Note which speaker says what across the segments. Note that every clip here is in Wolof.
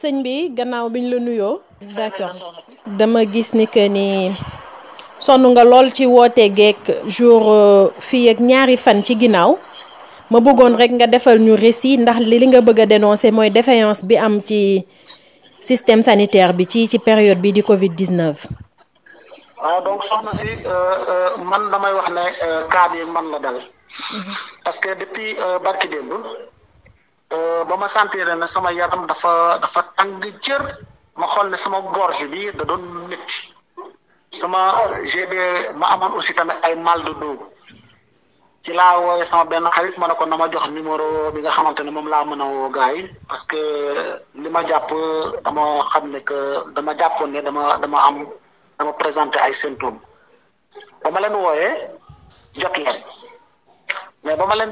Speaker 1: sëñ bi gannaaw biñ la nuyoo. d'accord dama gis ni que ni sonn nga lool ci woote geek jour euh, fii ak ñaari fan ci ginnaaw ma bëggoon rek nga defal ñu récit ndax li nga bëgg a mooy défaillance bi am ci système sanitaire bi ci ci période bi di Covid 19.
Speaker 2: waaw donc euh, euh, wax ne Eh, bama ma sentir ne sama yaram dafa dafa tang jër ma xol ne sama gorge bi da doon métti sama gb ma amon aussi tamit ay mal de dos ci la woy sama ben xarit ma ko nama jox numéro bi nga xamantene mom la meuna wo a parce que lima japp dama xamne que dama jappone dama dama am dama présenter ay symptômes bama len woyé jot mais bama len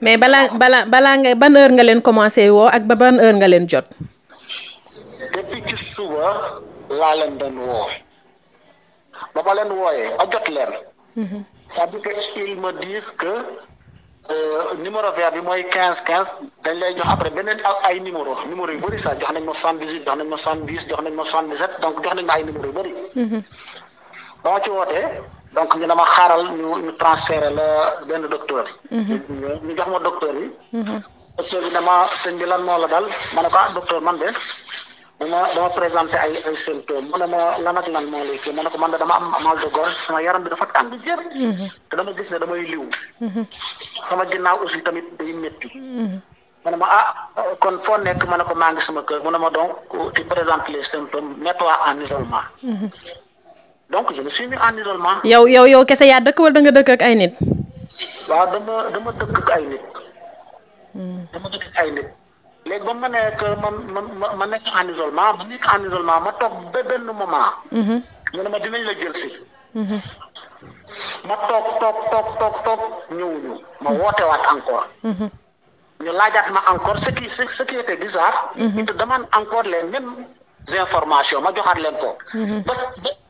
Speaker 1: mais balaa balaa balaa nga ban heure nga leen commencé woo ak ba ban heure nga leen jot.
Speaker 2: depuis ci suba laa leen doon woo ba ma leen wooyee ba jot leen. Mhm. c'est-à-dire que ils que euh, numéro vert bi mooy quinze quinze dañ lay jox après beneen ay numéro numéro yu bëri sax jox nañ ma soixante dix jox nañ ma soixante dix jox nañ ma soixante dix sept donc jox nañ ma ay numéro yu bëri. Mhm. ba ci wootee. donc ñu dama xaaral ñu ñu transféré la benn docteur mhm. ñu jox ma docteur yi mhm. docteur bi dama sëñ bi lan moo la dal ma ne ko ah, docteur man de dama dama présenté ay ay symptômes mu ne ma lan ak lan moo lay kii ma ne ko man de dama am mal de gorge sama yaram bi dafa tàng jër mhm. te dama gis ne damay liw sama ginnaaw aussi tamit day metti mu ne ma ah kon foo nekk ma ne ko maa ngi sama kër mu ne ma donc tu présentes les symptômes mets-toi en isolement donc je me suis en isolement. yow yow
Speaker 1: yow kese yaa dëkk wala da nga dëkk ak ay nit.
Speaker 2: waaw dama dama dëkk ay nit.
Speaker 3: Hmm.
Speaker 2: ay nit. léegi ba ma nekk ma ma ma nekk en isolement ma nekk en isolement ma toog ba benn moment. ñu hmm. ma dinañ la jël si. Hmm. ma toog toog toog toog toog ñëwuñu ma wootewaat encore. ñu laajaat ma encore ce qui ce qui était bizarre. ñu encore les mêmes informations ma joxaat leen ko.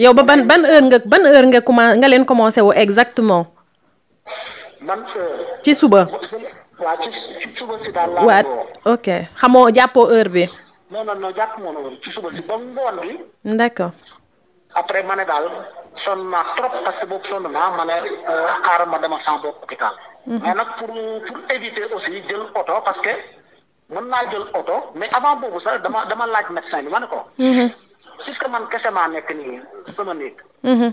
Speaker 1: yow ba ban ban heure nga ban heure nga commencé nga leen commencé wo exactement.
Speaker 2: man euh, ci suba. waaw ci suba si daal laa ok
Speaker 1: xamoo jàppo heure bi.
Speaker 2: non non non jàpp moom woon ci suba si ba ngoon bi. d'accord. après ma ne daal sonn trop parce que boobu sonn naa ma ne euh, xaaral ma dema sans bopp hôpital. Mhm. mais nag pour pour éviter aussi jël oto parce que mën naa jël oto mais avant boobu sax dama dama laaj médecin bi ma ne ko. Mhm. puisque man kese maa nekk nii sama néeg. Mhm.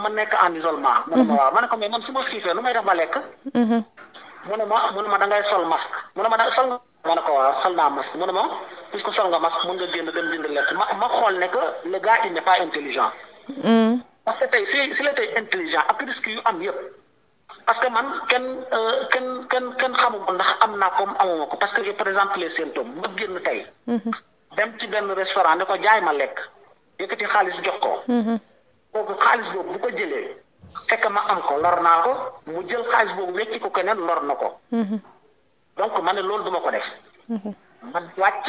Speaker 2: ma nekk en isolement. mu ma waaw ma ne ko mais man su ma xiifee lu may def ma lekk. Mhm. mu ne ma ma da ngay sol masque mu ne ma da sol nga ma ne ko waaw sol naa masque mu ne ma puisque sol nga masque mun nga génn dem jënd lekk ma ma xool ne que le gars il pas intelligent. Mhm. parce tey si si la tey intelligent ak risque yu am yëpp. parce man euh, kenn kenn kenn kenn xamuma ndax am naa comme amuma ko parce que je présente les symptômes ma génn tey. dem ci benn restaurant ne ko jaay ma lekk ci xaalis jox ko. Mm-hmm. kooku xaalis boobu bu ko jëlee fekk ma am ko lor naa ko mu jël xaalis boobu wecci ko keneen lor na ko. Mm-hmm. donc ma ne loolu duma ko def. Mm-hmm. ma wàcc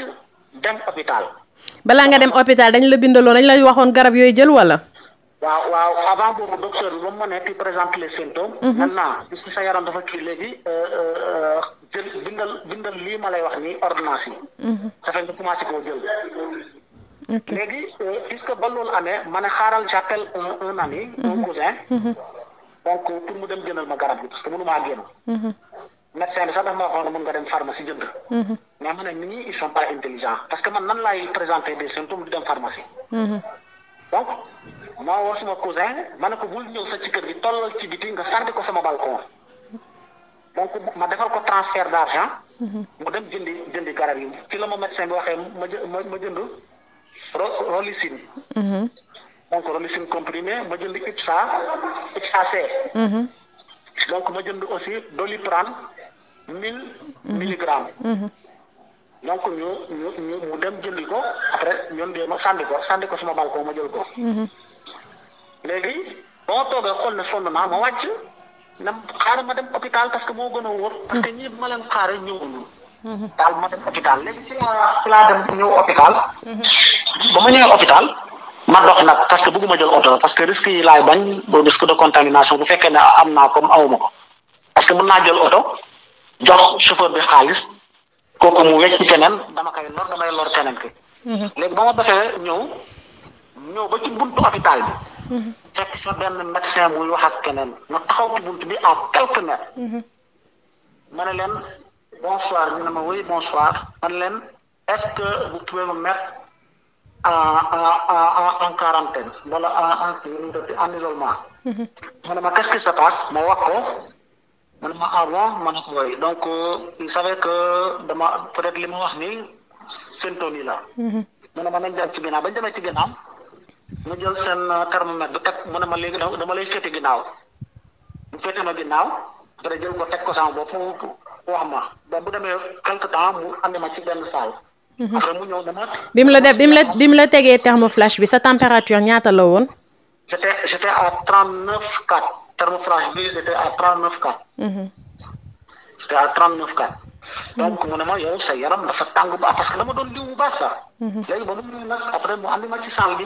Speaker 2: dem hôpital.
Speaker 1: balaa nga dem hôpital dañ la bindaloo dañ la waxoon garab yooyu jël wala.
Speaker 2: waaw waaw avant boobu docteur bi ba mu mënee di présenter les symptômes. Mhm. maintenant gis nga sa yaram dafa kii léegi euh, euh, jël bindal bindal lii ma lay wax nii ordonnance yi. Mhm. ça fait nga commencé koo jël. ok léegi puisque euh, ba loolu amee ma ne xaaral j'appelle un un ami. un mhm. mu dem jëndal ma garab gi parce que mënu ma waxoon mën nga dem pharmacie jënd. mais ma ne nit ñi ils sont pas intelligents parce que man nan laay présenter des symptômes di dem pharmacie. donc. ma woo suma cousin manako ne ko bul ñëw sa ci kër bi tollal ci biti nga sànni ko sama balcon donc ma defal ko transfert d'argent mhm. mu dem jëndi jëndi garab yi ci la ma médecin bi waxe ma ma jënd rolicine mhm. donc rolicine comprimé ma jënd ipsa ipsa c mhm. donc ma jënd aussi doliprane mille milligrammes donc ñu ñu mu dem jëndi ko après ñun de ma sànni ko sànni ko sama balcon ma jël ko léegi moo toogee xool ne sonn naa ma wàcc na xaaral ma dem hôpital parce que moo gën a wóor. parce que ma leen xaaree ñëwuñu. ma dem hôpital léegi si laa ñëw hôpital. ba ma ñëwee hôpital ma dox nag parce que bëgguma jël oto parce que risque yi laay bañ risque de contamination bu fekkee ne am naa comme awuma ko parce que mën naa jël oto jox chauffeur bi xaalis kooku mu wecc keneen dama koy lor damay lor keneen ki. Mhm. léegi ba ma ñëw ñëw ba ci buntu hôpital bi. fekk fa benn médecin buy wax ak keneen ma taxaw ci bunt bi en quelques mètres. ma ne leen bonsoir ñu ne ma oui bonsoir ma ne leen est-ce que vous pouvez me mettre en en en quarantaine wala en en en isolement. ma ne ma qu'est-ce qui se passe ma wax ko. man ma ah bon ma ne ko waay donc euh, il savait que dama peut-être li ma wax nii symptôme yi la. Mhm. ma ne ma nañ dem ci ginnaaw bañ demee ci ginnaaw. mu jël seen uh, thermomètre bi teg mu ne ma léegi dama lay féete ginnaaw mu féete ma ginnaaw dara jël ko teg ko sama bopp wax ma bu demee quelque temps mu andi ma ci benn salle mhm. après mu ñëw dama
Speaker 1: bim la def bim la bim la tegee thermoflash bi sa température ñaata la woon
Speaker 2: à 39 4 thermoflash bi 39
Speaker 3: 4 39 4 donc
Speaker 2: mu ne ma yow sa yaram dafa tàng ba parce que dama doon diw bu baax sax mhm. léegi ba mu ñëw nag après mu andi ma ci salle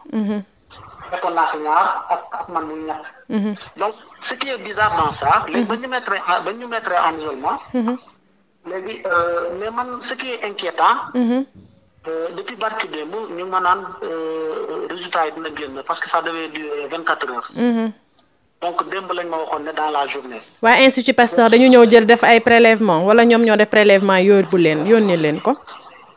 Speaker 3: fekkoon
Speaker 2: naa fi ñaar ak ak man muy ñett. donc ce qui est bizarre dans ça. léegi ba ñu mettre ba ñu mettre en isolement. Mhm. léegi euh, mais man ce qui est inquiétant. Mhm. Euh, depuis barki démb ñu ma naan euh, résultat yi dina génn parce que ça devait durer vingt quatre heures. Mhm. donc démb lañ ma waxone dans la journée.
Speaker 1: Wa institut Pasteur dañu ñëw jël def ay prélèvement wala ñom ñoo def prélèvement bu leen yónnee leen ko.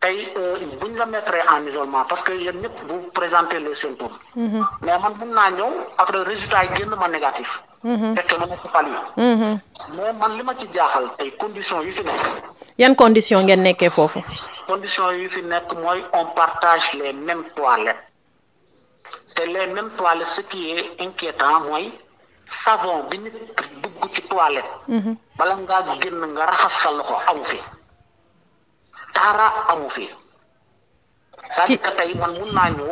Speaker 2: tey euh, buñ la mettre en isolement parce que yéen ñëpp vous présentez les symptômes. Mm-hmm. mais man mun naa ñëw après résultat yi génn ma négatif. Mm-hmm. fekk ma nekk pali. Mm-hmm. mais man li ma ci jaaxal tey condition yi fi nekk.
Speaker 1: yan condition ngeen nekkee foofu.
Speaker 2: condition yi fi nekk mooy on partage les mêmes toilettes te les mêmes toilettes ce qui est inquiétant mooy savon bi nit dugg ci toilette. bala ngaa génn nga raxas sa loxo amu fi. dara amu fi. ci tey man mun naa ñëw.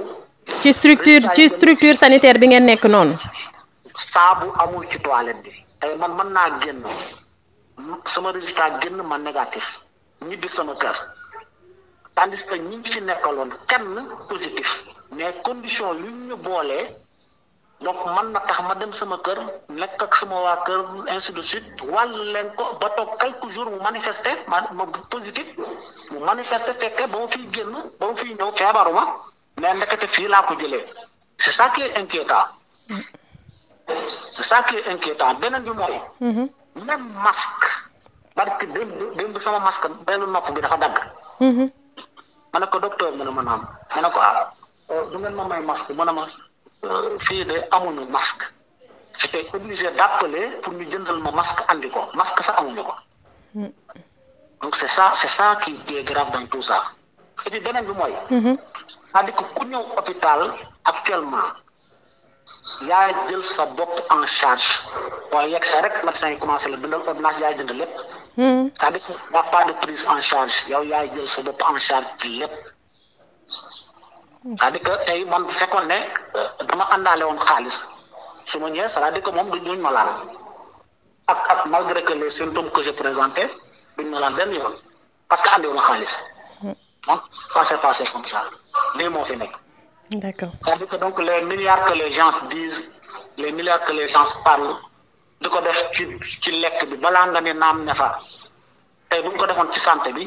Speaker 2: ci structure ci
Speaker 1: sanitaire bi ngeen nekk noonu.
Speaker 2: saabu amul ci toilette bi. tey man mën naa génn sama résultat génn ma négatif ñibbi sama kër tandis que ñi ngi fi nekkaloon kenn positif mais condition yu ñu boolee. donc man na tax ma dem sama kër nekk ak sama waa kër ainsi de suite wàll leen ko ba toog quelques jours mu manifesté ma ma positif mu manifesté fekke ba ma fiy génn ba ma fiy ñëw feebaruma mais ndekete fii laa ko jëlee c' est ça qui est inquiétant c' est ça qui est inquiétant beneen bi mooy mhm. même masque barke dem dem sama masque benn nopp bi dafa dagg mhm. ma ne ko docteur mu ne ma naam ma ne ko ah du ngeen ma may masque mu ne ma Euh, fii de amuñu masque j'étais obligé d'appeler pour ñu jëndal ma masque andi ko masque sax amuñu ko hmm. donc c'est ça c'est ça qui qui est grave dans tout ça et puis beneen bi mooy
Speaker 3: mm-hmm. cest
Speaker 2: à ku ñëw hôpital actuellement yaa jël sa bopp en charge waaye yegg sa rek médecin yi commencé la bindal ordonnance yaay jënd lépp mm-hmm. c'est-à-dire que pas de prise en charge yow yaay jël sa bopp en charge ci lépp c'est-à-dire que tey man fekkoon ne euh, dama àndaale woon xaalis su ma ñëwee c'est-à-dire que moom duñ ma laal ak ak malgré que les symptômes que j'ai présenté duñ ma laal benn yoon parce que àndiwuma xaalis donc ça s'est passé comme ça lii moo fi nekk. d'accord c'est-à-dire que donc les milliards que les gens disent les milliards que les gens parlent di ko def ci ci lekk bi balaa nga ne naam ne fa tey bu ñu ko defoon ci santé bi.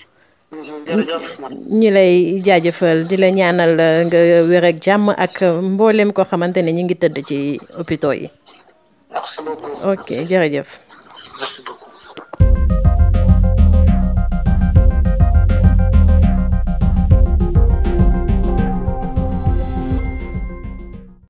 Speaker 1: ñi lay jaajëfal di la ñaanal uh, nga wér ak jàmm ak mboolem koo xamante ne ñu ngi tëdd ci hôpitaux yi. ok jërëjëf.